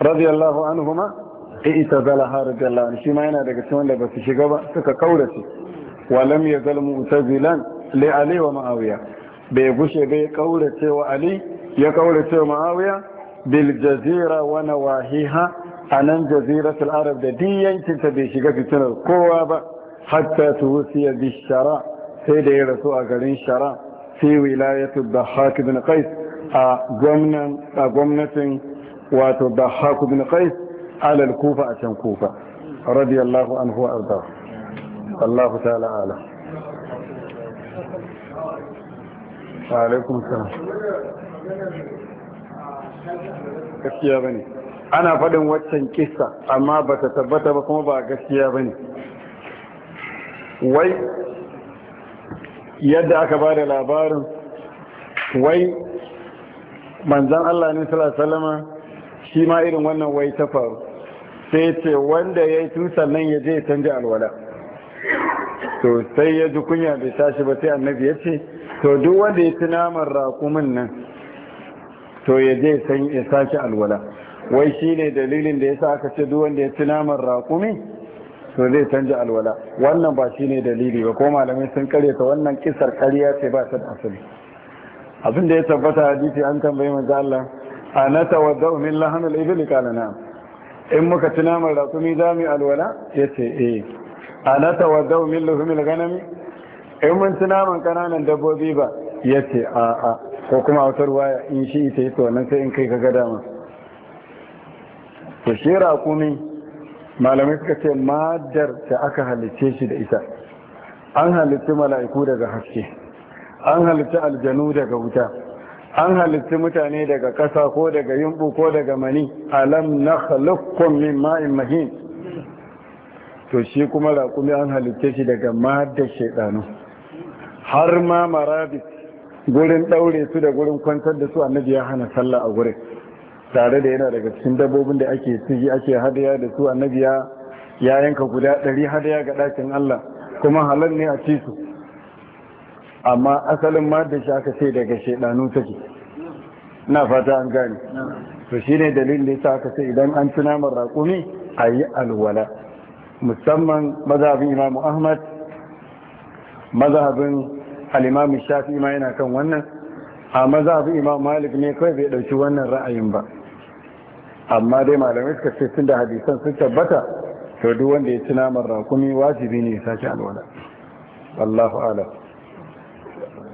A: radiyallahu anhuma ita zalaha da anhu shi ma yana daga cikin wanda ba su shiga ba suka kaurace walam ta zilan li ali wa ma'awiya bai gushe bai kaurace wa ali ya kaurace wa ma'awiya bil jazira wa nawahiha anan jaziratul arab da diyancin ta bai shiga fitinar kowa ba hatta tuwsiya bi shara sai da ya rasu a garin shara fi wilayatul dhahak bin qais a gwamnan a gwamnatin wato dhahak bin qais ala al-kufa a can kufa radiyallahu anhu wa arda Allah ta'ala alam alaikum salam gaskiya bane ana faɗin waccan kissa amma ba ta tabbata ba kuma ba gaskiya bane wai yadda aka ba da labarin wai manzan Allah ne salama shi ma irin wannan wai ta faru sai ce wanda ya yi tusan nan ya je canja alwala to sai ya ji kunya bai tashi ba sai annabi ya ce to duk wanda ya ci naman raƙumin nan to ya je san ya saki alwala wai shine dalilin da yasa aka ce duk wanda ya ci naman raƙumi to zai canja alwala wannan ba shine dalili ba ko malamai sun kare ta wannan kisar ƙarya ce ba ta asali abin da ya tabbata hadisi an tambayi manzo Allah ana tawaddau min lahamil ibli kana na in muka ci naman raƙumi za mu alwala yace eh ana tawaddau min luhumil ganami in mun ci naman kananan dabbobi ba ya ce a a ko kuma autar waya, in shi ita ita nan sai in kai ka gada ma to shi rakumi malamai suka ce madar da aka halice shi da ita an halicci mala'iku daga haske an halicci aljanu daga wuta an halicci mutane daga ƙasa ko daga yumbu ko daga mani alam na min ma'in mahin to shi kuma raƙumi an halitta shi daga madar shaidanu har ma marabit gurin ɗaure su da gurin kwantar da su annabi ya hana sallah a gurin tare da yana daga cikin dabbobin da ake ciki ake hadaya da su annabi ya yanka guda ɗari hadaya ga ɗakin Allah kuma halal ne a ci su amma asalin da shi aka ce daga shaidanu take na fata an gane to shine dalilin da yasa aka ce idan an tuna naman raƙumi ayi alwala musamman mazhabin imamu ahmad mazhabin alimami shafi ma yana kan wannan a mazhabin imam malik ne kawai bai ɗauki wannan ra'ayin ba amma dai malamai suka ce tun da hadisan sun tabbata to duk wanda ya ci naman rakumi wajibi ne ya sake alwala Allahu alam